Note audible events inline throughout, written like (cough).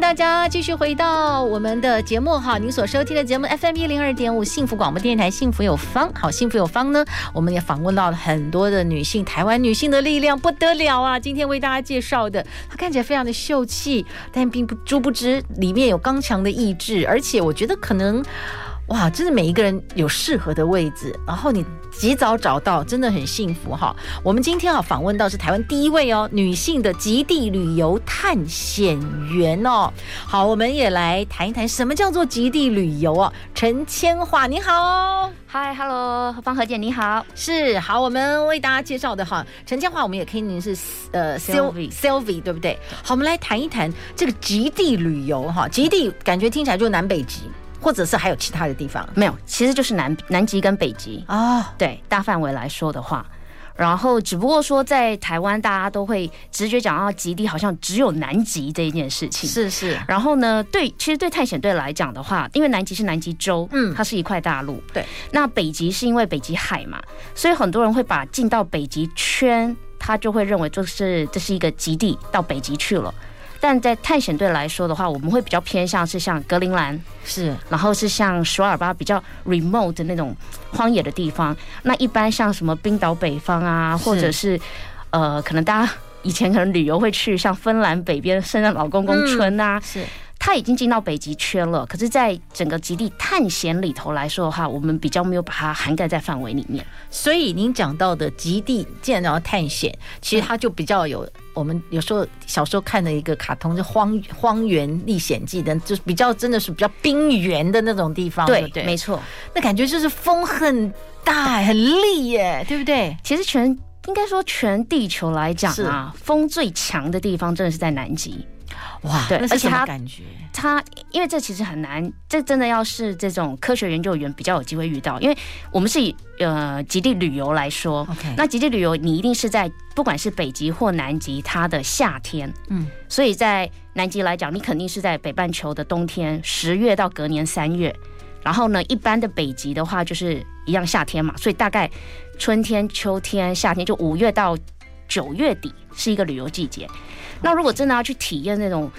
大家繼續回到我們的節目哈，您所收聽的節目 FM 一零二點五，幸福廣播電台，幸福有方。好，幸福有方呢，我們也訪問到了很多的女性，台灣女性的力量不得了啊！今天為大家介紹的，她看起來非常的秀氣，但並不，殊不知裡面有剛強的意志，而且我覺得可能。哇，真的每一個人有適合的位置，然後你及早找到，真的很幸福哈、哦。我們今天啊，訪問到是台灣第一位哦，女性的極地旅遊探險員哦。好，我們也來談一談什麼叫做極地旅遊哦、啊。陳芊華，你好，嗨，hello，方和姐，你好，是，好，我們為大家介紹的哈，陳芊華，我們也可以您是 S, 呃，Sylvie，Sylvie，Syl 對不對？好，我們來談一談這個極地旅遊哈，極地感覺聽起來就是南北極。或者是還有其他的地方？沒有，其實就是南南極跟北極哦，Oh. 對，大範圍來說的話，然後只不過說在台灣，大家都會直覺講到極地，好像只有南極這一件事情。是是。然後呢，對，其實對探險隊來講的話，因為南極是南極洲，嗯，它是一塊大陸。對。那北極是因為北極海嘛，所以很多人會把進到北極圈，他就會認為就是這是一個極地，到北極去了。但在探險隊來說的話，我們會比較偏向是像格陵蘭，是，然後是像索爾巴比較 remote 的那種荒野的地方。那一般像什麼冰島北方啊，是或者是呃，可能大家以前可能旅遊會去像芬蘭北邊，聖誕老公公村啊、嗯，是，他已經進到北極圈了。可是，在整個極地探險裡頭來說的話，我們比較沒有把它涵蓋在範圍裡面。所以您講到的極地建到探險，其實它就比較有。嗯我們有時候小時候看的一個卡通叫《荒荒原歷險記》，的，就是比較真的是比較冰原的那種地方，對，對對沒錯，那感覺就是風很大，對很厲耶，對不對？其實全應該說全地球來講啊，是風最強的地方真的是在南極。哇，對，而且他他，因為這其實很難，這真的要是這種科學研究員比較有機會遇到，因為我們是以呃極地旅遊來說，OK，那極地旅遊你一定是在不管是北極或南極，它的夏天，嗯，所以在南極來講，你肯定是在北半球的冬天，十月到隔年三月，然後呢，一般的北極的話就是一樣夏天嘛，所以大概春天、秋天、夏天就五月到九月底是一個旅遊季節。那如果真的要去體驗那種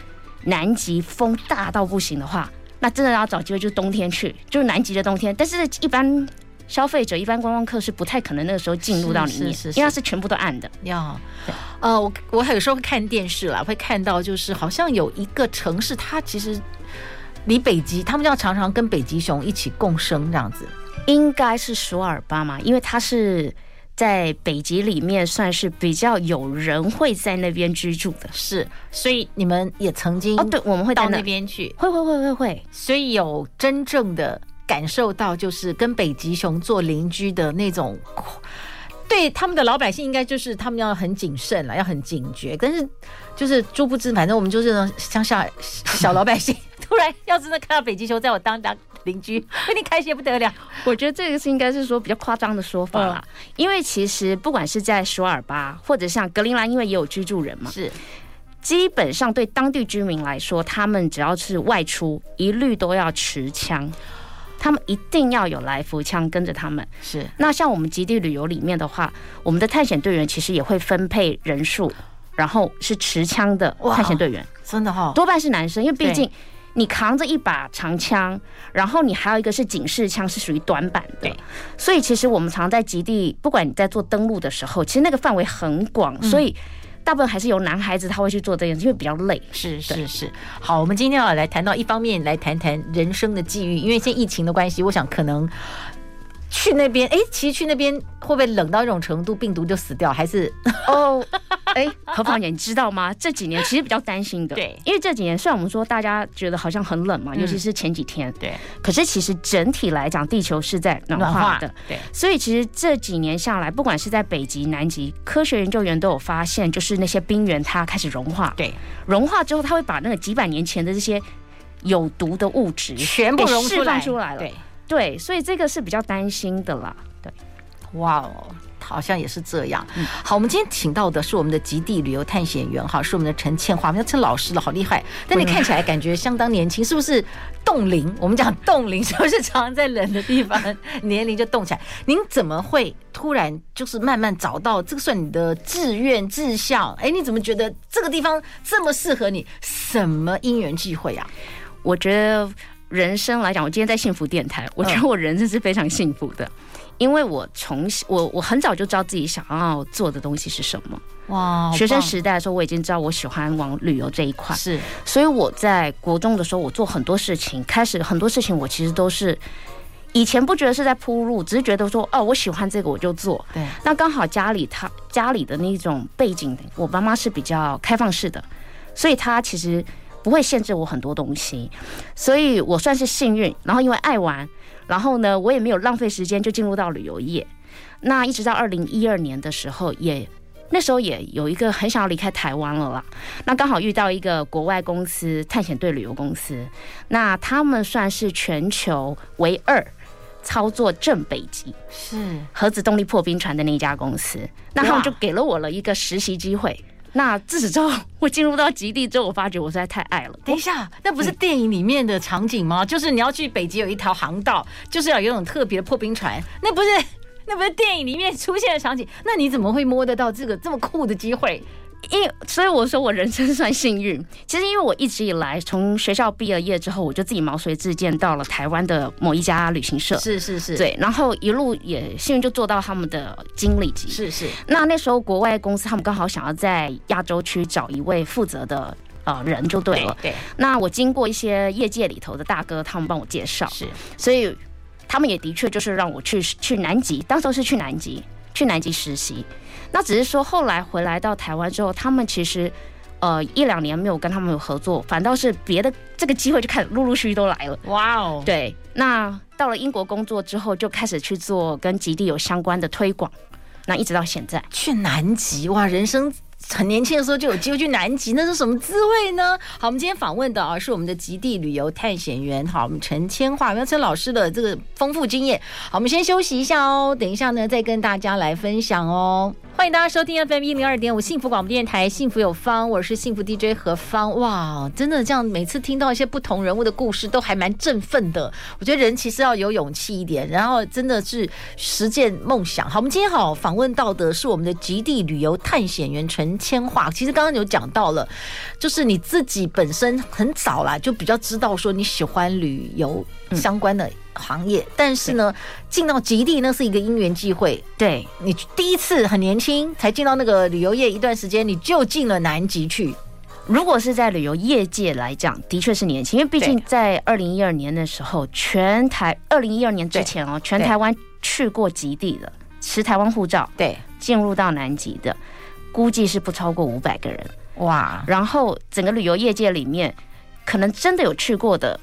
南極風大到不行的話，那真的要找機會就冬天去，就是南極的冬天。但是一般消費者、一般觀光客是不太可能那個時候進入到裡面，是是是是，因為它是全部都暗的。要對呃，我我有時候會看電視啦，會看到就是好像有一個城市，它其實離北極，他們要常常跟北極熊一起共生這樣子，應該是索爾巴嘛，因為它是。在北極裡面算是比較有人會在那邊居住的。是，所以你們也曾經哦？對，我們會那到那邊去，會會會會會。所以有真正的感受到，就是跟北極熊做鄰居的那種，對他們的老百姓應該就是他們要很謹慎了，要很警覺，但是就是殊不知，反正我們就是那種鄉下小老百姓， (laughs) 突然要真的看到北極熊在我當當。鄰居，肯定開心不得了。我覺得這個是應該是說比較誇張的說法啦，uh, 因為其實不管是在索爾巴或者像格陵蘭，因為也有居住人嘛。是，基本上對當地居民來說，他們只要是外出，一律都要持槍，他們一定要有來福槍跟着他們。是，那像我們極地旅遊裡面的話，我們的探險隊員其實也會分配人數，然後是持槍的探險隊員，真的哈、哦，多半是男生，因為畢竟。你扛着一把長槍，然後你還有一個是警示槍，是屬於短板的。對。所以其實我們常在極地，不管你在做登陸的時候，其實那個範圍很廣，嗯、所以大部分還是由男孩子他會去做這件事，因為比較累。是是是。對好，我們今天要來談到一方面，來談談人生的際遇，因為現在疫情的關係，我想可能。去那邊哎，其實去那邊會不會冷到這種程度，病毒就死掉？還是哦哎，何況 (laughs) 你知道嗎？ (laughs) 這幾年其實比較擔心的，對，因為這幾年雖然我們說大家覺得好像很冷嘛，嗯，尤其是前幾天，對，可是其實整體來講，地球是在暖化的，化，對，所以其實這幾年下來，不管是在北極、南極，科學研究員都有發現，就是那些冰原它開始融化，對，融化之後它會把那個幾百年前的這些有毒的物質全部釋放出來了，來，對。對，所以這個是比較擔心的啦。對，哇哦，好像也是這樣。好，我們今天請到的是我們的極地旅遊探險員，哈是我們的陳芊華，我們要稱老師了，好厲害。但你看起來感覺相當年輕， (laughs) 是不是凍齡？我們講凍齡，是不是常常在冷的地方 (laughs) 年齡就凍起來？您怎麼會突然就是慢慢找到這個？算你的志願志向？哎，你怎麼覺得這個地方這麼適合你？什麼因緣際會啊？我覺得。人生來講，我今天在幸福電台，我覺得我人生是非常幸福的，因為我從小我我很早就知道自己想要做的東西是什麼。哇！學生時代的時候，我已經知道我喜歡往旅遊這一塊。是，所以我在國中的時候，我做很多事情，開始很多事情我其實都是以前不覺得是在鋪路，只是覺得說哦，我喜歡這個，我就做。對。那剛好家裡他家裡的那種背景，我爸媽是比較開放式的，所以他其實。不會限制我很多東西，所以我算是幸運。然後因為愛玩，然後呢，我也沒有浪費時間就進入到旅遊業。那一直到二零一二年的時候也，也那時候也有一個很想要離開台灣了啦。那剛好遇到一個國外公司探險隊旅遊公司，那他們算是全球唯二操作正北極是核子動力破冰船的那一家公司，那他們就給了我了一個實習機會。哇那自此之後，我進入到極地之後，我發覺我實在太愛了。等一下，那不是電影裡面的場景嗎？就是你要去北極有一條航道，就是要有種特別的破冰船，那不是那不是電影裡面出現的場景？那你怎麼會摸得到這個這麼酷的機會？因為，所以我說我人生算幸運。其實，因為我一直以來從學校畢了業業之後，我就自己毛遂自薦到了台灣的某一家旅行社。是是是，對。然後一路也幸運就做到他們的經理級。是是。那那時候國外公司他們剛好想要在亞洲區找一位負責的呃人就對了。對，對。那我經過一些業界裡頭的大哥，他們幫我介紹。是，是。所以他們也的確就是讓我去去南極，當時是去南極去南極實習。那只是說，後來回來到台灣之後，他們其實，呃，一兩年沒有跟他們有合作，反倒是別的這個機會就開始陸陸續續都來了。哇哦 Wow！對，那到了英國工作之後，就開始去做跟極地有相關的推廣，那一直到現在去南極哇！人生很年輕的時候就有機會去南極， (laughs) 那是什麼滋味呢？好，我們今天訪問的啊是我們的極地旅遊探險員，好，我們陳芊華，我們陳老師的這個豐富經驗，好，我們先休息一下哦，等一下呢再跟大家來分享哦。歡迎大家收聽 FM 一零二點五幸福廣播電台，幸福有方，我是幸福 DJ 何方。哇，真的，這樣每次聽到一些不同人物的故事，都還蠻振奮的。我覺得人其實要有勇氣一點，然後真的是實踐夢想。好，我們今天好訪問到的是我們的極地旅遊探險員陳芊華。其實剛剛有講到了，就是你自己本身很早啦，就比較知道說你喜歡旅遊相關的、嗯。行業，但是呢，對進到極地那是一個因緣際會。對你第一次很年輕，才進到那個旅遊業一段時間，你就進了南極去。如果是在旅遊業界來講，的確是年輕，因為畢竟在二零一二年的時候，全台二零一二年之前哦，對全台灣去過極地的對持台灣護照，對，進入到南極的估計是不超過五百個人。哇，然後整個旅遊業界裡面，可能真的有去過的。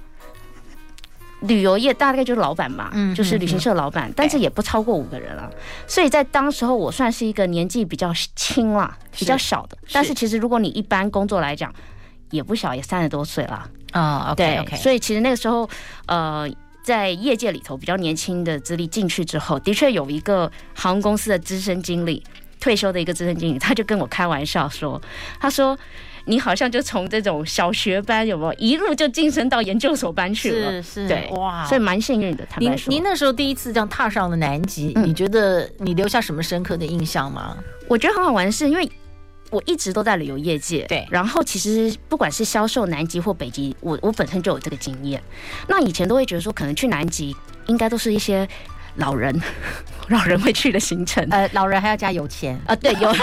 旅遊業大概就是老闆嘛，嗯、哼哼，就是旅行社老闆，但是也不超過五個人了，欸，所以在當時候我算是一個年紀比較輕了，比較小的，是，但是其實如果你一般工作來講，也不小，也三十多歲了啊，哦，OK OK，對，所以其實那個時候，呃，在業界裡頭比較年輕的資歷進去之後，的確有一個航空公司的資深經理，退休的一個資深經理，他就跟我開玩笑說，他說。你好像就從這種小學班，有沒有一路就晉升到研究所班去了？是是，對哇，所以蠻幸運的。坦白說，您那時候第一次這樣踏上了南極，嗯、你覺得你留下什麼深刻的印象嗎？嗯、我覺得很好玩是，因為我一直都在旅遊業界，對，然後其實不管是銷售南極或北極，我我本身就有這個經驗。那以前都會覺得說，可能去南極應該都是一些老人，嗯、老人會去的行程。呃，老人還要加有錢啊、呃？對，有。 (laughs)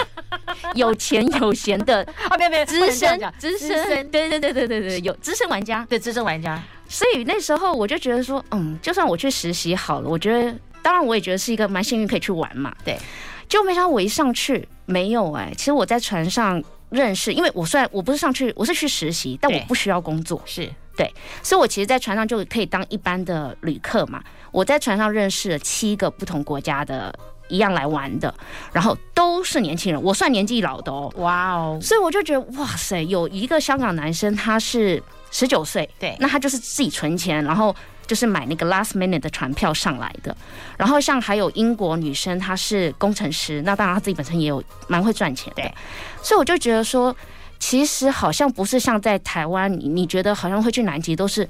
有錢有閒的哦，沒有沒有，資深資深，對對對對對對，有資深玩家對資深玩家。所以那時候我就覺得說，嗯，就算我去實習好了，我覺得當然我也覺得是一個蠻幸運可以去玩嘛。對，就沒想到我一上去沒有哎、欸，其實我在船上認識，因為我雖然我不是上去，我是去實習，但我不需要工作是對，所以我其實，在船上就可以當一般的旅客嘛。我在船上認識了七個不同國家的。一樣來玩的，然後都是年輕人，我算年紀老的哦。哇哦 Wow！所以我就覺得，哇塞，有一個香港男生，他是十九歲，對，那他就是自己存錢，然後就是買那個 last minute 的船票上來的。然後像還有英國女生，她是工程師，那當然她自己本身也有蠻會賺錢的。對所以我就覺得說，其實好像不是像在台灣，你，你覺得好像會去南極都是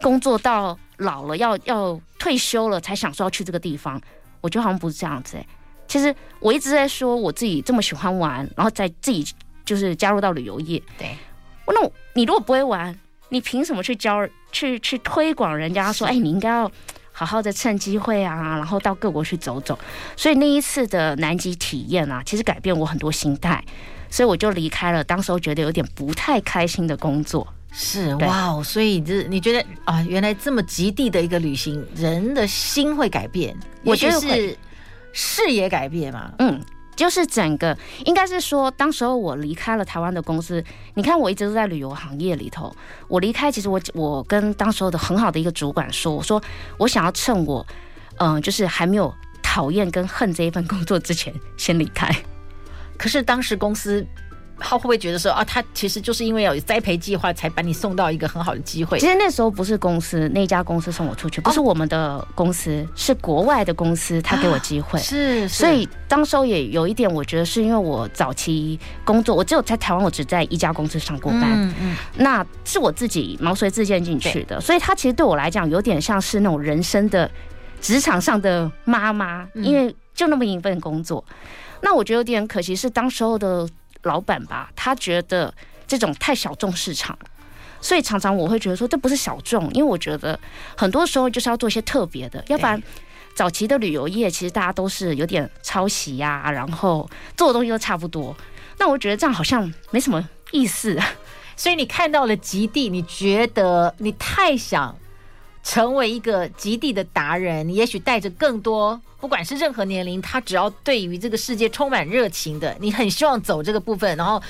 工作到老了，要要退休了才想說要去這個地方。我覺得好像不是這樣子哎、欸。其實我一直在說我自己這麼喜歡玩，然後再自己就是加入到旅遊業。對，那你如果不會玩，你憑什麼去教、去去推廣人家說？說哎是、欸，你應該要好好的趁機會啊，然後到各國去走走。所以那一次的南極體驗啊，其實改變我很多心態，所以我就離開了，當時覺得有點不太開心的工作。是對哇哦，所以這你覺得啊，原來這麼極地的一個旅行，人的心會改變，我覺得是視野改變嘛。嗯，就是整個應該是說，當時候我離開了台灣的公司，你看我一直都在旅遊行業裡頭，我離開其實我我跟當時候的很好的一個主管說，我說我想要趁我嗯、呃，就是還沒有討厭跟恨這一份工作之前先離開。可是當時公司。他會不會覺得說啊，他其實就是因為有栽培計劃，才把你送到一個很好的機會？其實那時候不是公司，那家公司送我出去，不是我們的公司，哦、是國外的公司，他給我機會。哦、是，是，所以當時候也有一點，我覺得是因為我早期工作，我只有在台灣，我只在一家公司上過班，嗯嗯，嗯，那是我自己毛遂自薦進去的，對所以他其實對我來講，有點像是那種人生的職場上的媽媽，嗯、因為就那麼一份工作，那我覺得有點可惜是當時候的。老闆吧，他覺得這種太小眾市場，所以常常我會覺得說這不是小眾，因為我覺得很多時候就是要做一些特別的，要不然早期的旅遊業其實大家都是有點抄襲呀、啊，然後做的東西都差不多，那我覺得這樣好像沒什麼意思， (laughs) 所以你看到了極地，你覺得你太想。成為一個極地的達人，你也許帶着更多，不管是任何年齡，他只要對於這個世界充滿熱情的，你很希望走這個部分，然後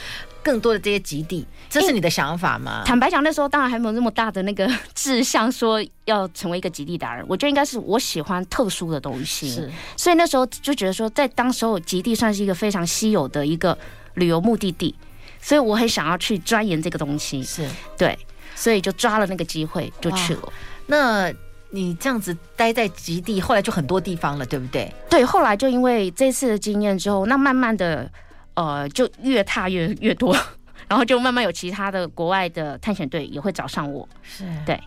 更多的這些極地，這是你的想法嗎？坦白講，那時候當然還沒有那麼大的那個志向，說要成為一個極地達人。我覺得應該是我喜歡特殊的東西，是，所以那時候就覺得說，在當時候極地算是一個非常稀有的一個旅遊目的地，所以我很想要去鑽研這個東西，是對，所以就抓了那個機會就去了。那你這樣子待在極地，後來就很多地方了，對不對？對，後來就因為這次的經驗之後，那慢慢的呃，就越踏越越多，然後就慢慢有其他的國外的探險隊也會找上我。是，對，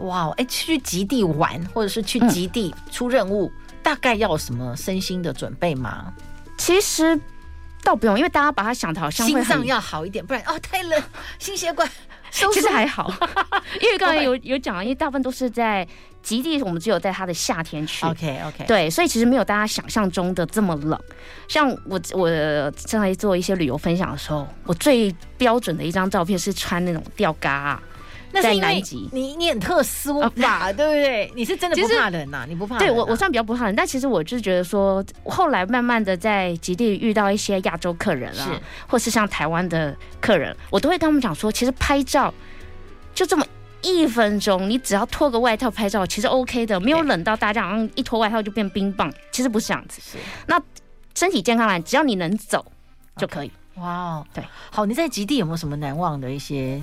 哇，哎、欸，去極地玩或者是去極地出任務，嗯、大概要什麼身心的準備嗎？其實倒不用，因為大家把它想的好像心臟要好一點，不然哦太冷，心血管。其實還好，因為剛才有有講，因為大部分都是在極地，我們只有在它的夏天去。OK OK，對，所以其實沒有大家想象中的這麼冷。像我我正在做一些旅遊分享的時候，我最標準的一張照片是穿那種吊嘎。在南極，你你，你很特殊吧？啊、對不對？你是真的不怕冷吶、啊？其實，你不怕冷、啊？對我我算比較不怕冷，但其實我就是覺得說，後來慢慢的在極地遇到一些亞洲客人啊，是或是像台灣的客人，我都會跟他們講說，其實拍照就這麼一分鐘，你只要脫個外套拍照，其實 OK 的，沒有冷到大家，好像一脫外套就變冰棒，其實不是這樣子。是那身體健康啦、啊，只要你能走就可以。哇，Okay. Wow. 對，好，你在極地有沒有什麼難忘的一些？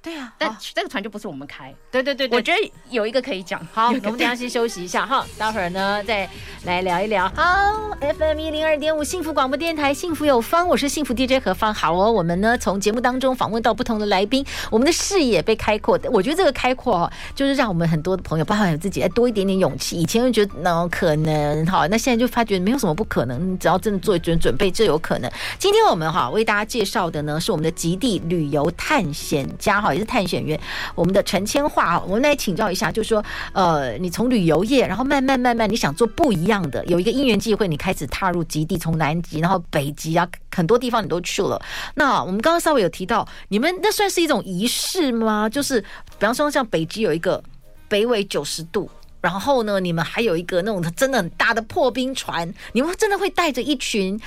對呀、啊，但這個船就不是我們開。哦、對，對對對，我覺得有一個可以講。個好，我們等下先休息一下哈，待會兒呢再來聊一聊。好，FM 一零二點五幸福廣播電台，幸福有方，我是幸福 DJ 何方。好哦，我們呢從節目當中訪問到不同的來賓，我們的視野被開闊。我覺得這個開闊哈、哦，就是讓我們很多的朋友、含有自己哎多一點點勇氣。以前就覺得 no, 可能，好，那現在就發覺沒有什麼不可能，只要真的做準準備，就有可能。今天我們哈、哦、為大家介紹的呢是我們的極地旅遊探險家。也是探險員，我們的陳芊華，我們來請教一下，就是說，呃，你從旅遊業，然後慢慢慢慢，你想做不一樣的，有一個因緣機會，你開始踏入極地，從南極，然後北極啊，很多地方你都去了。那我們剛剛稍微有提到，你們那算是一種儀式嗎？就是比方說，像北極有一個北緯九十度，然後呢，你們還有一個那種真的很大的破冰船，你們真的會帶着一群。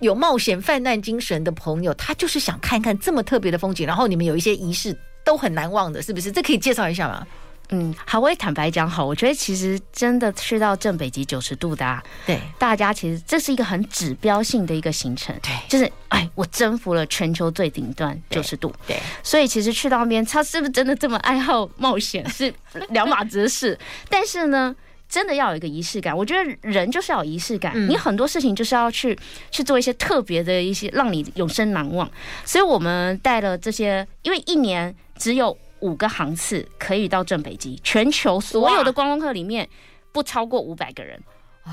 有冒險犯難精神的朋友，他就是想看看這麼特別的風景，然後你們有一些儀式都很難忘的，是不是？這可以介紹一下嗎？嗯，好，我也坦白講，好，我覺得其實真的去到正北極九十度的、啊，對，大家其實這是一個很指標性的一個行程，對，就是哎，我征服了全球最頂端九十度對，對，所以其實去到那邊，他是不是真的這麼愛好冒險是兩碼子的事， (laughs) 但是呢，真的要有一個儀式感，我覺得人就是要有儀式感。嗯、你很多事情就是要去去做一些特別的一些，讓你永生難忘。所以我們帶了這些，因為一年只有五個航次可以到正北極，全球所有的觀光客裡面不超過五百個人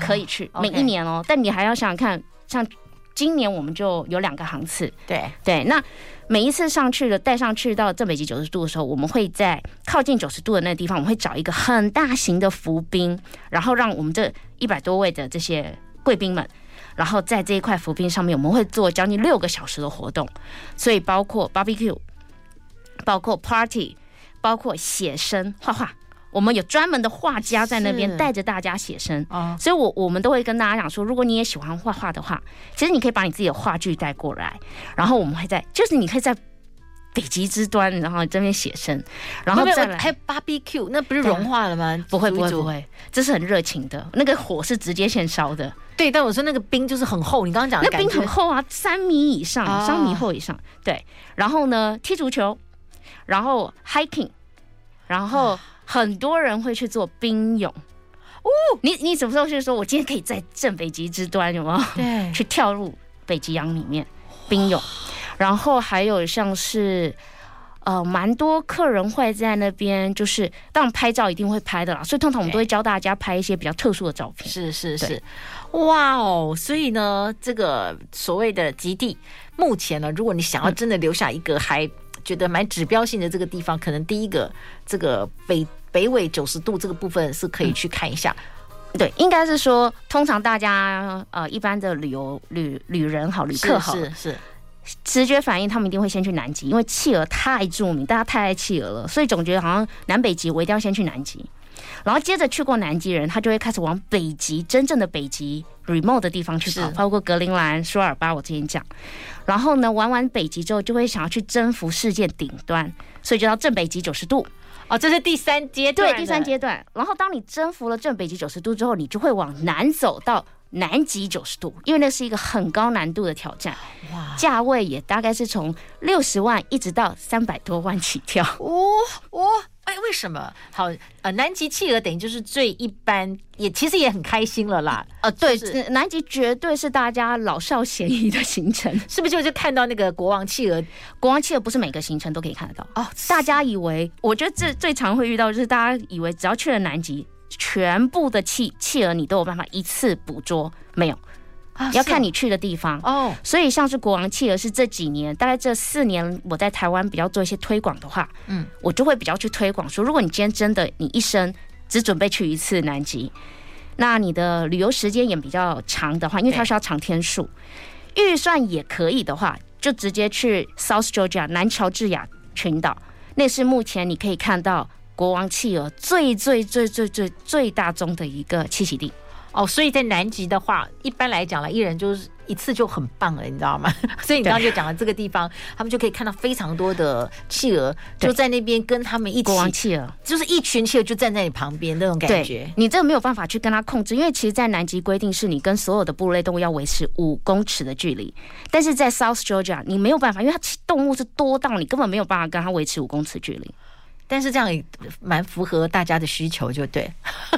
可以去，哇每一年、喔、哦。Okay、但你還要想想看，像。今年我們就有兩個航次，對對。那每一次上去的，帶上去到正北極九十度的時候，我們會在靠近九十度的那個地方，我們會找一個很大型的浮冰，然後讓我們這一百多位的這些貴賓們，然後在這一塊浮冰上面，我們會做將近六個小時的活動，所以包括 barbecue，包括 party，包括寫生畫畫。我們有專門的畫家在那邊帶着大家寫生，是哦、所以我，我我們都會跟大家講說，如果你也喜歡畫畫的話，其實你可以把你自己的畫具帶過來，然後我們會在，就是你可以在北極之端，然後這邊寫生，然後有有還有 barbecue。那不是融化了嗎？不會對不會，不會不會，這是很熱情的，那個火是直接現燒的。對，但我說那個冰就是很厚，你剛剛講的那冰很厚啊，三米以上，三米厚以上。哦、對，然後呢，踢足球，然後 hiking，然後。啊很多人會去做冰泳哦，你你什麼時候去說？我今天可以在正北極之端，有沒有？對，去跳入北極洋裡面冰泳，哇然後還有像是呃，蠻多客人會在那邊，就是當然拍照一定會拍的啦。所以通常我們都會教大家拍一些比較特殊的照片。對是是是，哇哦對！Wow, 所以呢，這個所謂的極地，目前呢，如果你想要真的留下一個還覺得蠻指標性的這個地方，嗯、可能第一個這個北。北緯九十度這個部分是可以去看一下，嗯、對，應該是說，通常大家呃一般的旅遊旅旅人好，旅客好是是，是直覺反應，他們一定會先去南極，因為企鵝太著名，大家太愛企鵝了，所以總覺得好像南北極我一定要先去南極，然後接着去過南極人，他就會開始往北極真正的北極 remote 的地方去跑，是包括格陵蘭、舒爾巴，我之前講，然後呢玩完北極之後，就會想要去征服世界頂端，所以就到正北極九十度。哦，這是第三階段，對，第三階段。然後，當你征服了正北極九十度之後，你就會往南走到南極九十度，因為那是一個很高難度的挑戰，哇，價位也大概是從六十萬一直到三百多萬起跳，哇哦，哦。哎，為什麼好？呃，南極企鵝等於就是最一般，也其實也很開心了啦。嗯、呃，對，就是、南極絕對是大家老少咸宜的行程，就是、是不是？就就看到那個國王企鵝，嗯、國王企鵝不是每個行程都可以看得到哦。大家以為，是我覺得這最常會遇到的就是大家以為只要去了南極，全部的企企鵝你都有辦法一次捕捉，沒有。要看你去的地方哦，所以像是國王企鵝是這幾年，大概這四年我在台灣比較做一些推廣的話，嗯，我就會比較去推廣說，如果你今天真的你一生只準備去一次南極，那你的旅遊時間也比較長的話，因為它是要長天數，預算也可以的話，就直接去 South Georgia 南喬治亞群島，那是目前你可以看到國王企鵝最最最最最最大宗的一個棲息地。哦，oh, 所以在南極的話，一般來講了，一人就是一次就很棒了，你知道嗎？ (laughs) 所以你剛剛就講了這個地方，對他們就可以看到非常多的企鵝，就在那邊跟他們一起。企鵝對就是一群企鵝就站在你旁邊那種感覺，你這個沒有辦法去跟他控制，因為其實，在南極規定是你跟所有的哺乳類動物要維持五公尺的距離，但是在 South Georgia 你沒有辦法，因為它動物是多到你根本沒有辦法跟它維持五公尺距離。但是這樣也蠻符合大家的需求，就對。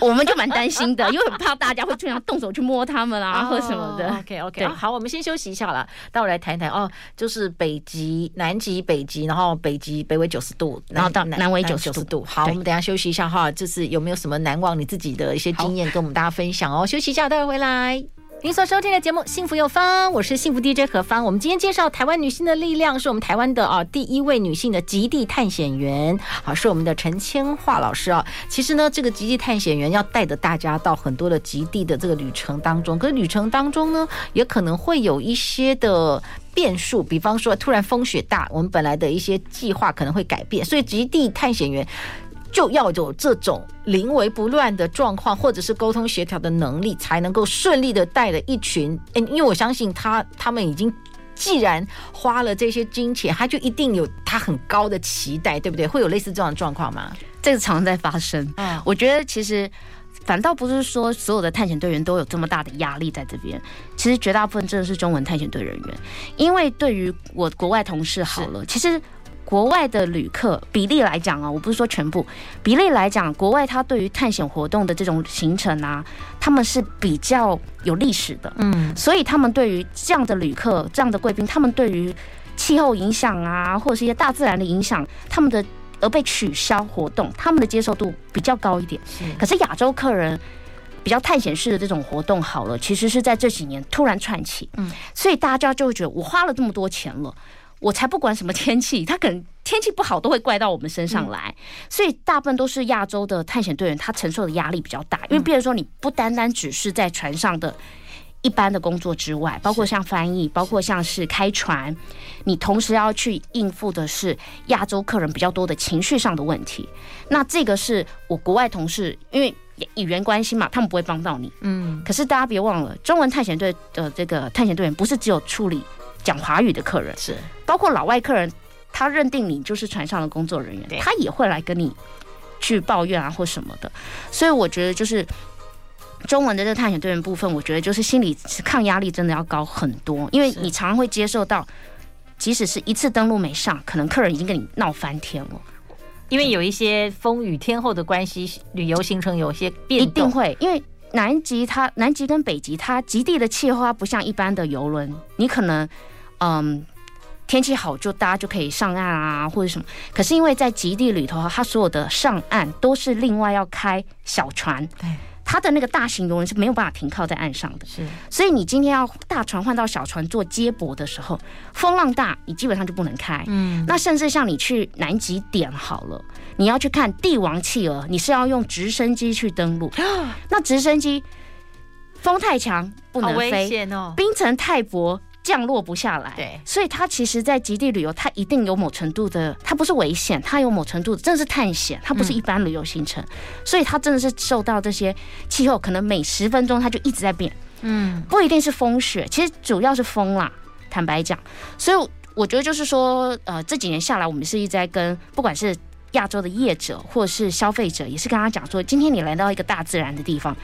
我們就蠻擔心的，因為很怕大家會突然動手去摸他們啦、啊，或什麼的。OK OK，好，我們先休息一下了。待會來談一談哦，就是北極、南極、北極，然後北極北緯九十度，然後到南緯九十度。好，我們等一下休息一下哈。就是有沒有什麼難忘你自己的一些經驗，跟我們大家分享哦？休息一下，待會兒回來。您所收聽的節目《幸福有方》，我是幸福 DJ 何芳。我們今天介紹台灣女性的力量，是我們台灣的啊第一位女性的極地探險員，好，是我們的陳芊華老師啊。其實呢，這個極地探險員要帶着大家到很多的極地的這個旅程當中，可是旅程當中呢，也可能會有一些的變數，比方說突然風雪大，我們本來的一些計劃可能會改變，所以極地探險員。就要有這種臨危不亂的狀況，或者是溝通協調的能力，才能夠順利的帶了一群。因為我相信他他們已經既然花了這些金錢，他就一定有他很高的期待，對不對？會有類似這樣的狀況嗎？這個常在發生。我覺得其實反倒不是說所有的探險隊員都有這麼大的壓力在這邊，其實絕大部分真的是中文探險隊人員，因為對於我國外同事好了，是其實。國外的旅客比例來講啊，我不是說全部比例來講，國外他對於探險活動的這種行程啊，他們是比較有歷史的，嗯，所以他們對於這樣的旅客、這樣的貴賓，他們對於氣候影響啊，或者是一些大自然的影響，他們的而被取消活動，他們的接受度比較高一點。可是亞洲客人比較探險式的這種活動，好了，其實是在這幾年突然竄起，嗯，所以大家就會覺得我花了這麼多錢了。我才不管什麼天氣，他可能天氣不好都會怪到我們身上來，嗯，所以大部分都是亞洲的探險隊員，他承受的壓力比較大。因為比如說，你不單單只是在船上的一般的工作之外，包括像翻譯，包括像是開船，是是，你同時要去應付的是亞洲客人比較多的情緒上的問題。那這個是我國外同事，因為語言關係嘛，他們不會幫到你。嗯，可是大家別忘了，中文探險隊的這個探險隊員不是只有處理。講華語的客人是，包括老外客人，他認定你就是船上的工作人員，他也會來跟你去抱怨啊或什麼的。所以我覺得就是中文的這個探險隊員部分，我覺得就是心理抗壓力真的要高很多，因為你常常會接受到，即使是一次登陸沒上，可能客人已經跟你鬧翻天了，因為有一些風雨天候的關係，旅遊行程有些變動，一定會因為。南極它，南極跟北極它，極地的氣候它不像一般的遊輪，你可能，嗯，天氣好就大家就可以上岸啊，或者什麼。可是因為在極地裡頭，它所有的上岸都是另外要開小船。對。它的那個大型游輪是沒有辦法停靠在岸上的，是，所以你今天要大船換到小船做接駁的時候，風浪大，你基本上就不能開。嗯，那甚至像你去南極點好了，你要去看帝王企鵝，你是要用直升機去登陸。那直升機風太強不能飛，哦，冰層太薄。降落不下來，對，所以它其實，在極地旅遊，它一定有某程度的，它不是危險，它有某程度的，真的是探險，它不是一般旅遊行程，嗯、所以它真的是受到這些氣候，可能每十分鐘它就一直在變，嗯，不一定是風雪，其實主要是風啦，坦白講，所以我覺得就是說，呃，這幾年下來，我們是一直在跟不管是亞洲的業者或是消費者，也是跟他講說，今天你來到一個大自然的地方。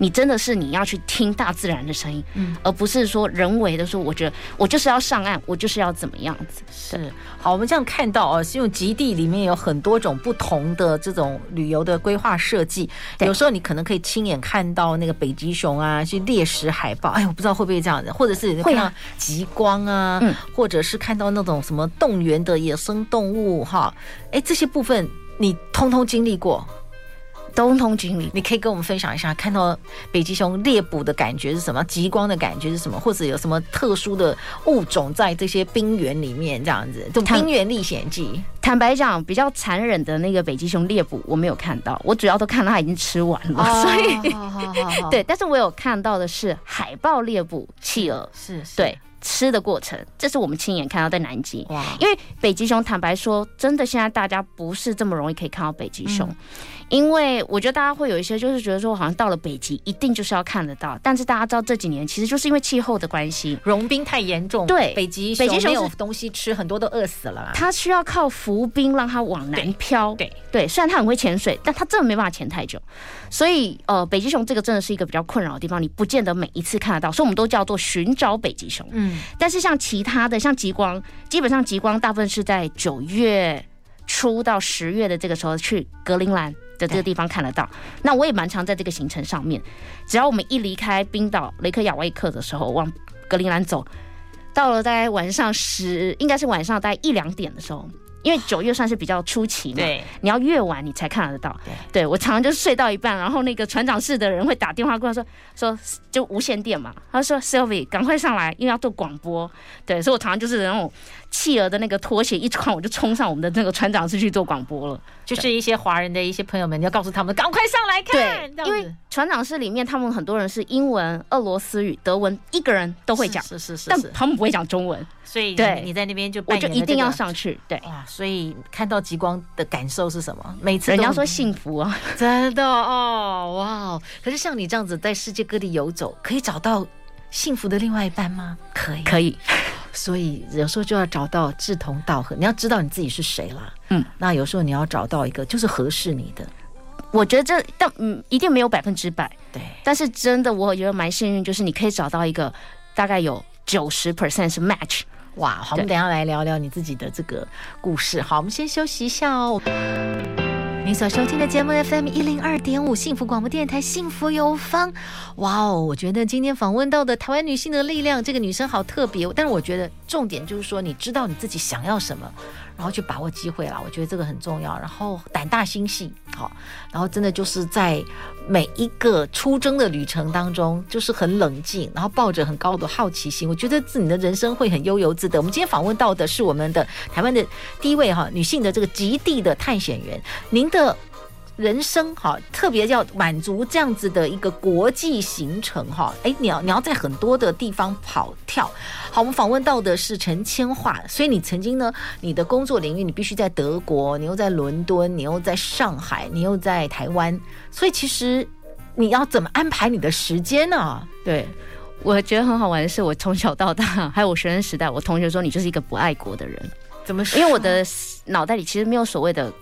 你真的是你要去聽大自然的聲音，嗯，而不是說人為的說，我覺得我就是要上岸，我就是要怎麼樣子？是，對好，我們這樣看到哦，是因為極地裡面有很多種不同的這種旅遊的規劃設計，對有時候你可能可以親眼看到那個北極熊啊去獵食海豹，哎，我不知道會不會這樣子，或者是你看到極光啊，啊嗯、或者是看到那種什麼動物園的野生動物哈、哦，哎，這些部分你通通經歷過。東通經理，know, Jimmy, 你可以跟我們分享一下，看到北極熊獵捕的感覺是什麼？極光的感覺是什麼？或者有什麼特殊的物種在這些冰原裡面這樣子？冰原歷險記。坦白講，比較殘忍的那個北極熊獵捕我沒有看到，我主要都看到它已經吃完了。Oh, 所以，對，但是我有看到的是海豹獵捕企鵝，是，對。吃的過程，這是我們親眼看到在南極。哇因為北極熊，坦白說，真的現在大家不是這麼容易可以看到北極熊，嗯、因為我覺得大家會有一些就是覺得說好像到了北極一定就是要看得到。但是大家知道這幾年，其實就是因為氣候的關係，融冰太嚴重。對，北極北極熊沒有東西吃，很多都餓死了啦。它需要靠浮冰讓它往南漂。對對，雖然它很會潛水，但它真的沒辦法潛太久。所以呃，北極熊這個真的是一個比較困擾的地方，你不見得每一次看得到，所以我們都叫做尋找北極熊。嗯。但是像其他的，像極光，基本上極光大部分是在九月初到十月的這個時候去格陵蘭的這個地方看得到。對那我也蠻常在這個行程上面，只要我們一離開冰島雷克雅未克的時候往格陵蘭走，到了大概晚上十，應該是晚上大概一兩點的時候。因為九月算是比較初期嘛，對，你要越晚你才看得到。對，我常常就是睡到一半，然後那個船長室的人會打電話過來，說說就無線電嘛，他說 Sylvie 趕快上來，因為要做廣播。對，所以我常常就是那種。企鵝的那個拖鞋，一穿，我就衝上我們的那個船長室去做廣播了。就是一些華人的一些朋友們，你要告訴他們，趕快上來看。對，因為船長室裡面他們很多人是英文、俄羅斯語、德文，一個人都會講。是是是，但他們不會講中文，所以對，你在那邊就我就一定要上去。對，哇，所以看到極光的感受是什麼？每次人家說幸福啊，真的哦，哇！可是像你這樣子在世界各地遊走，可以找到。幸福的另外一半嗎？可以，可以。所以有時候就要找到志同道合，你要知道你自己是誰了。嗯，那有時候你要找到一個就是合適你的。我覺得這但嗯，一定沒有百分之百。對，但是真的我覺得蠻幸運，就是你可以找到一個大概有九十 percent 是 match。哇，好對，我們等一下來聊聊你自己的這個故事。好，我們先休息一下哦。你所收聽的節目 FM 一零二點五，幸福廣播電台，幸福有方。哇哦，我覺得今天訪問到的台灣女性的力量，這個女生好特別。但是我覺得重點就是說，你知道你自己想要什麼。然後去把握機會啦，我覺得這個很重要。然後膽大心細，好，然後真的就是在每一個出征的旅程當中，就是很冷靜，然後抱着很高的好奇心，我覺得自己的人生會很悠游自得。我們今天訪問到的是我們的台灣的第一位哈女性的這個極地的探險員，您的。人生哈，特別要滿足這樣子的一個國際行程哈，哎、欸，你要你要在很多的地方跑跳。好，我們訪問到的是陳芊華，所以你曾經呢，你的工作領域你必須在德國，你又在倫敦，你又在上海，你又在台灣，所以其實你要怎麼安排你的時間呢？對，我覺得很好玩的是，我從小到大，還有我學生時代，我同學說你就是一個不愛國的人，怎麼？因為我的腦袋裡其實沒有所謂的。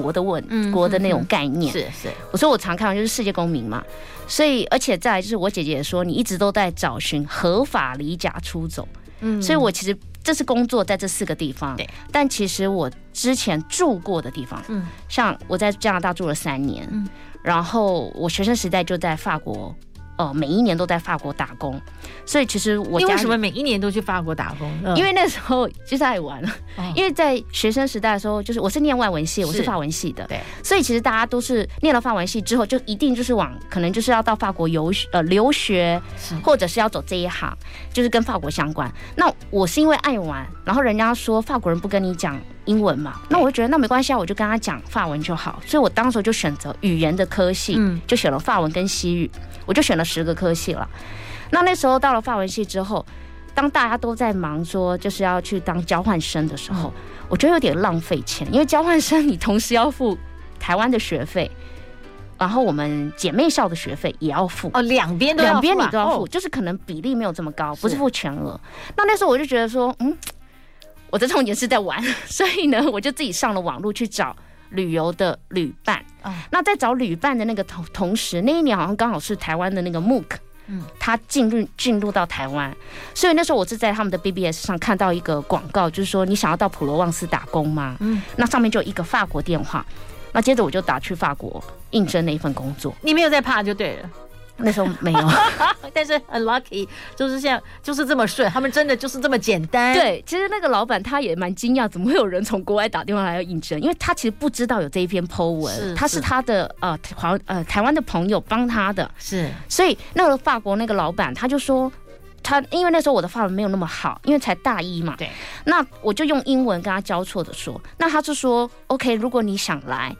國的問，國的那種概念，嗯、哼哼是是，我說我常看到就是世界公民嘛，所以而且再來就是我姐姐也說你一直都在找尋合法離家出走，嗯，所以我其實這次工作在這四個地方，對，但其實我之前住過的地方，嗯，像我在加拿大住了三年，嗯，然後我學生時代就在法國。哦，每一年都在法國打工，所以其實我為什麼每一年都去法國打工？嗯、因為那時候就是愛玩，哦、因為在學生時代的時候，就是我是念外文系，我是法文系的，對，所以其實大家都是念了法文系之後，就一定就是往，可能就是要到法國遊呃留學，是或者是要走這一行，就是跟法國相關。那我是因為愛玩，然後人家說法國人不跟你講。英文嘛，那我就覺得那沒關係啊，我就跟他講法文就好。所以我當時就選擇語言的科系，就選了法文跟西語，我就選了十個科系了。那那時候到了法文系之後，當大家都在忙說就是要去當交換生的時候，嗯、我覺得有點浪費錢，因為交換生你同時要付台灣的學費，然後我們姐妹校的學費也要付哦，兩邊兩邊你都要付，哦、就是可能比例沒有這麼高，不是付全額。是那那時候我就覺得說，嗯。我的重點是在玩，所以呢，我就自己上了網絡去找旅遊的旅伴。Oh. 那在找旅伴的那個同同時，那一年好像剛好是台灣的那個 MOOK 嗯，他進入進入到台灣，所以那時候我是在他們的 BBS 上看到一個廣告，就是說你想要到普羅旺斯打工嗎？嗯，那上面就有一個法國電話，那接着我就打去法國應徵那一份工作。你沒有在怕就對了。 (laughs) 那時候沒有， (laughs) (laughs) 但是很 lucky，就是像就是這麼順，他們真的就是這麼簡單。對，其實那個老闆他也蠻驚訝，怎麼會有人從國外打電話來要應徵？因為他其實不知道有這一篇 Po 文，他是，是，是他的呃華呃台灣的朋友幫他的，是。所以那個法國那個老闆他就說，他因為那時候我的法文沒有那麼好，因為才大一嘛。對。那我就用英文跟他交錯的說，那他就說 OK，如果你想來。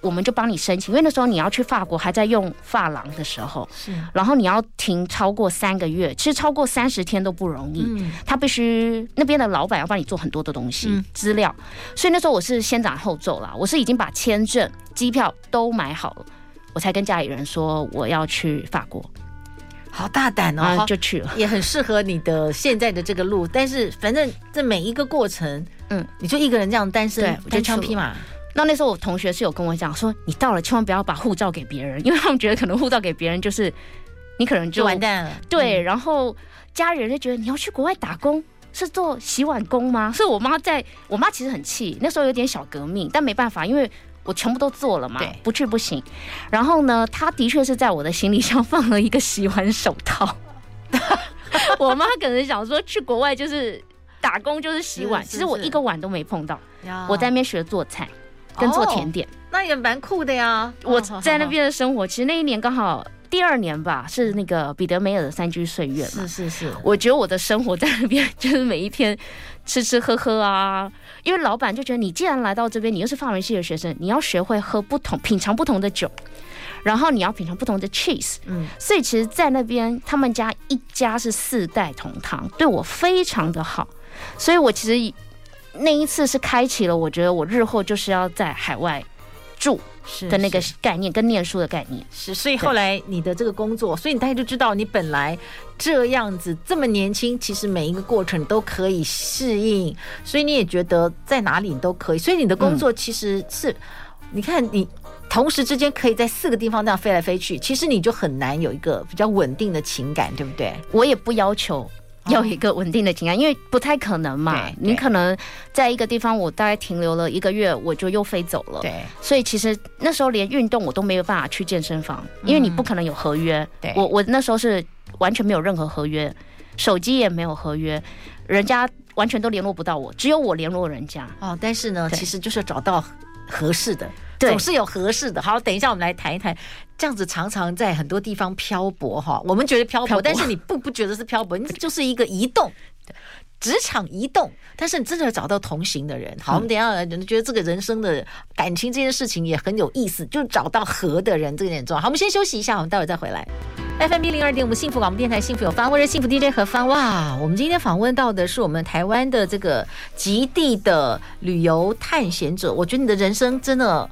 我們就幫你申請，因為那時候你要去法國還在用法郎的時候，是、啊，然後你要停超過三個月，其實超過三十天都不容易。嗯、他必須那邊的老闆要幫你做很多的東西、嗯、資料，所以那時候我是先斬後奏啦，我是已經把簽證、機票都買好了，我才跟家裡人說我要去法國。好大膽哦！啊、就去了，也很適合你的現在的這個路。但是反正這每一個過程，嗯，你就一個人這樣單身，對，我就單槍匹馬。那那時候我同學是有跟我講說，你到了千萬不要把護照給別人，因為他們覺得可能護照給別人就是你可能就完蛋了。對，然後家人就覺得你要去國外打工是做洗碗工嗎？所以我媽在我媽其實很氣，那時候有點小革命，但沒辦法，因為我全部都做了嘛，不去不行。然後呢，她的確是在我的行李箱放了一個洗碗手套。我媽可能想說去國外就是打工就是洗碗，其實我一個碗都沒碰到，我在那邊學做菜。跟做甜點，那也蠻酷的呀！我在那邊的生活，其實那一年剛好第二年吧，是那個彼得梅爾的山居歲月嘛。是是是，我覺得我的生活在那邊，就是每一天吃吃喝喝啊。因為老闆就覺得你既然來到這邊，你又是法文系的學生，你要學會喝不同、品嘗不同的酒，然後你要品嘗不同的 cheese。嗯，所以其實，在那邊他們家一家是四代同堂，對我非常的好，所以我其實。那一次是開啟了，我覺得我日後就是要在海外住的那個概念，跟念書的概念。是，是，對嗯、所以後來你的這個工作，所以你大概就知道你本來這樣子這麼年輕，其實每一個過程都可以適應。所以你也覺得在哪裡你都可以。所以你的工作其實是，你看你同時之間可以在四個地方這樣飛來飛去，其實你就很難有一個比較穩定的情感，對不對？我也不要求。要有一個穩定的情感，因為不太可能嘛。你可能在一個地方，我大概停留了一個月，我就又飛走了。對，所以其實那時候連運動我都沒有辦法去健身房，因為你不可能有合約。嗯、對，我我那時候是完全沒有任何合約，手機也沒有合約，人家完全都聯絡不到我，只有我聯絡人家。哦，但是呢，對其實就是找到合適的。對總是有合適的。好，等一下我們來談一談，這樣子常常在很多地方漂泊哈。我們覺得漂泊，漂泊，但是你不不覺得是漂泊？ (laughs) 你這就是一個移動，職場移動。但是你真的要找到同行的人，好，嗯、我們等一下覺得這個人生的感情這件事情也很有意思，就找到合的人這個很重要。好，我們先休息一下，我們待會再回來。F M B 零二點五，我們幸福廣播電台，幸福有方，我是幸福 DJ 何方。哇，我們今天訪問到的是我們台灣的這個極地的旅遊探險者。我覺得你的人生真的。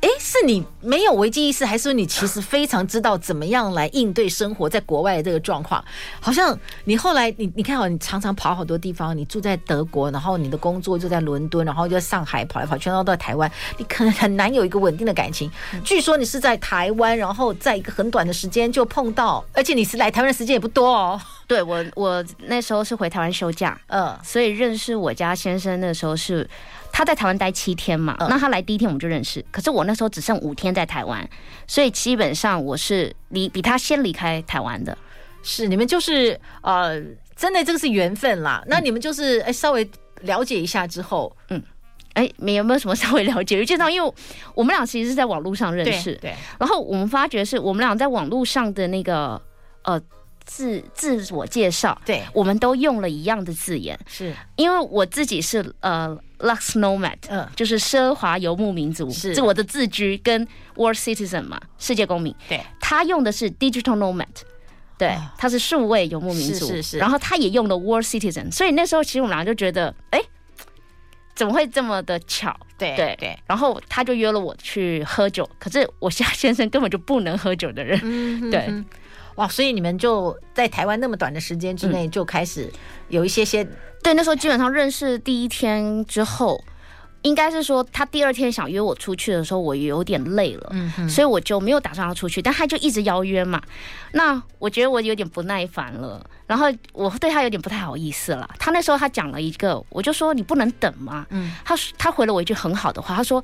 誒，是你沒有危機意識，還是你其實非常知道怎麼樣來應對生活在國外的這個狀況？好像你後來，你你看好，你常常跑好多地方，你住在德國，然後你的工作就在倫敦，然後就在上海跑來跑去，然後到台灣，你可能很難有一個穩定的感情。據說你是在台灣，然後在一個很短的時間就碰到，而且你是來台灣的時間也不多哦。對，我我那時候是回台灣休假，嗯，所以認識我家先生那時候是。他在台灣待七天嘛，嗯、那他來第一天我們就認識。可是我那時候只剩五天在台灣，所以基本上我是離比他先離開台灣的。是，你們就是呃，真的這個是緣分啦。嗯、那你們就是哎、欸，稍微了解一下之後，嗯，哎、欸，你有沒有什麼稍微了解？就介紹，因為我，我們倆其實是在網絡上認識，對，對，然後我們發覺是我們倆在網絡上的那個呃。自自我介紹，對，我們都用了一樣的字眼，是因為我自己是呃、uh, lux、e、nomad，、uh, 就是奢華游牧民族，是自我的自居跟 world citizen 嘛，世界公民，對，他用的是 digital nomad，對，uh, 他是數位游牧民族，是,是是，然後他也用的 world citizen，所以那時候其實我們倆就覺得，哎，怎麼會這麼的巧？對對對，對，然後他就約了我去喝酒，可是我夏先生根本就不能喝酒的人，嗯、哼哼對，哇，所以你們就在台灣那麼短的時間之內就開始有一些些，嗯、對，那時候基本上認識第一天之後。嗯應該是說，他第二天想約我出去的時候，我也有點累了，嗯、哼所以我就沒有打算要出去。但他就一直邀約嘛，那我覺得我有點不耐煩了，然後我對他有點不太好意思了。他那時候他講了一個，我就說你不能等嗎？嗯，他他回了我一句很好的話，他說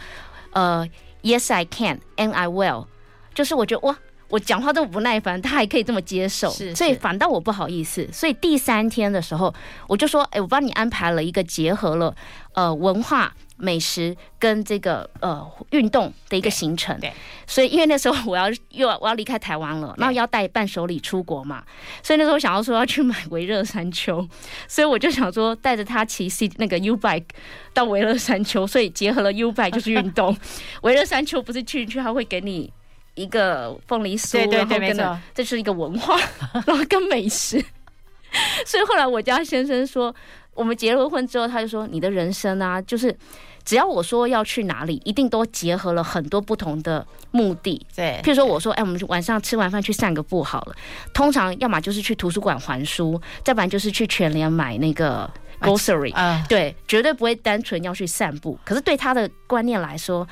呃，Yes I can and I will，就是我覺得哇，我講話這麼不耐煩，他還可以這麼接受，是是，所以反倒我不好意思。所以第三天的時候，我就說，哎、欸，我幫你安排了一個結合了呃文化，美食跟這個呃運動的一個行程，對，對所以因為那時候我要又要我要離開台灣了，然後要帶伴手禮出國嘛，對所以那時候想要說要去買微熱山丘，所以我就想說帶着他騎 C 那個 U bike 到微熱山丘，所以結合了 U bike 就是運動，微熱 (laughs) 山丘不是去去他會給你一個鳳梨酥，對對對，然後跟著，錯這是一個文化，然後跟美食， (laughs) 所以後來我家先生說。我們結了婚之後，他就說：“你的人生啊，就是只要我說要去哪裡，一定都結合了很多不同的目的。”對，譬如說我說：“哎，我們晚上吃完飯去散個步好了。”通常要麼就是去圖書館還書，再不然就是去全聯買那個 grocery。啊，啊，對，絕對不會單純要去散步。可是對他的觀念來說，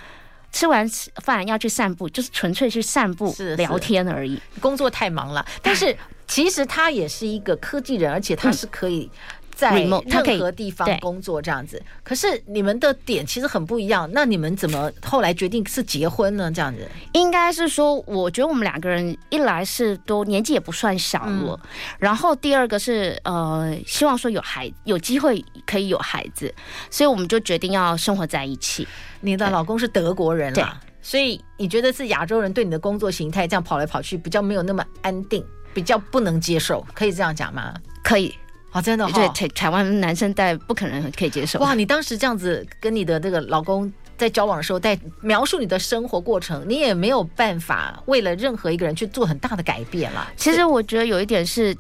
吃完飯要去散步就是純粹去散步、聊天而已。是是，工作太忙了，但是，嗯，其實他也是一個科技人，而且他是可以。在任何地方工作，這樣子。可是你們的點其實很不一樣，那你們怎麼後來決定是結婚呢？這樣子，應該是說，我覺得我們兩個人一來是都年紀也不算小了，然後第二個是呃，希望說有孩有機會可以有孩子，所以我們就決定要生活在一起。你的老公是德國人了，所以你覺得是亞洲人對你的工作形態，這樣跑來跑去比較沒有那麼安定，比較不能接受，可以這樣講嗎？可以。啊，oh, 真的，oh. 對，台台灣男生帶不可能可以接受。哇，你當時這樣子跟你的這個老公在交往的時候，在描述你的生活過程，你也沒有辦法為了任何一個人去做很大的改變啦。其實我覺得有一點是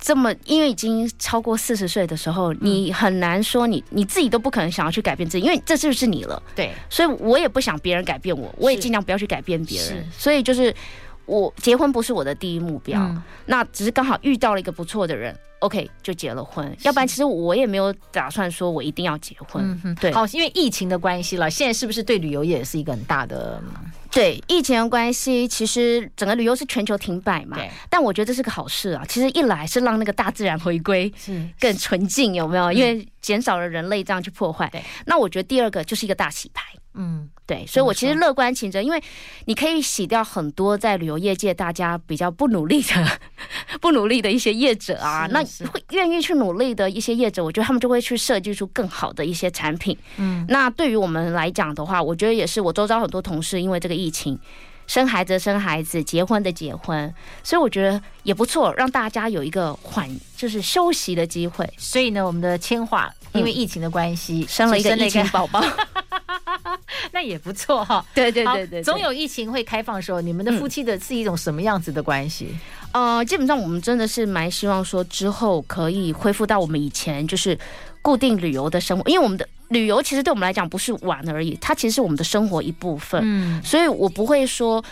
這麼，因為已經超過四十歲的時候，嗯、你很難說你你自己都不可能想要去改變自己，因為這就是你了。對，所以我也不想別人改變我，我也盡量不要去改變別人。是是，所以就是我結婚不是我的第一目標，嗯、那只是剛好遇到了一個不錯的人。OK，就結了婚。是要不然，其實我也沒有打算說我一定要結婚。嗯、哼對，好，因為疫情的關係了，現在是不是對旅遊業也是一個很大的？嗯、對，疫情的關係，其實整個旅遊是全球停擺嘛。對但我覺得這是個好事啊。其實一來是讓那個大自然回歸，更純淨，有沒有？是是因為減少了人類這樣去破壞。嗯、那我覺得第二個就是一個大洗牌。嗯。對，所以我其實樂觀其成，因為你可以洗掉很多在旅遊業界大家比較不努力的，不努力的一些業者啊，是是，那會願意去努力的一些業者，我覺得他們就會去設計出更好的一些產品。嗯，那對於我們來講的話，我覺得也是我周遭很多同事因為這個疫情，生孩子生孩子，結婚的結婚，所以我覺得也不錯，讓大家有一個緩就是休息的機會。所以呢，我們的芊華，因為疫情的關係，嗯、生了一個疫情寶寶。 (laughs) (laughs) 那也不錯哈，哦，對對對對，總有疫情會開放的時候，你們的夫妻的是一種什麼樣子的關係嗯？呃，基本上我們真的是蠻希望說之後可以恢復到我們以前就是固定旅遊的生活，因為我們的旅遊其實對我們來講不是玩而已，它其實是我們的生活一部分，嗯、所以我不會說。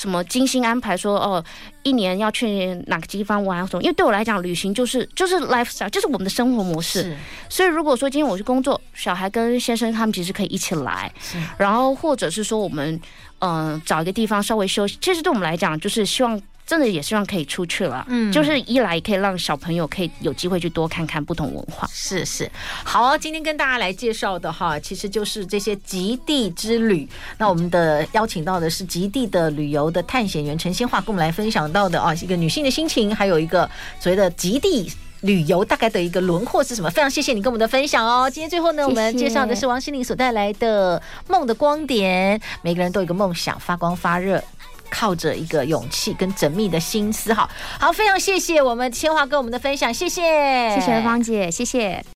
什麼精心安排說哦，一年要去哪個地方玩？什麼？因為對我來講，旅行就是就是 lifestyle，就是我們的生活模式。是所以如果說今天我去工作，小孩跟先生他們其實可以一起來。是然後或者是說我們嗯、呃、找一個地方稍微休息，其實對我們來講就是希望。真的也希望可以出去了，嗯，就是一來可以讓小朋友可以有機會去多看看不同文化，是是。好，今天跟大家來介紹的哈，其實就是這些極地之旅。那我們的邀請到的是極地的旅遊的探險員陳、嗯、芊華，跟我們來分享到的啊，一個女性的心情，還有一個所謂的極地旅遊大概的一個輪廓是什麼？非常謝謝你跟我們的分享哦。今天最後呢，我們介紹的是王心凌所帶來的《夢的光點》謝謝，每個人都有一個夢想，發光發熱。靠着一個勇氣跟縝密的心思，好，好，非常謝謝我們芊華跟我們的分享。謝謝，謝謝芳姐，謝謝。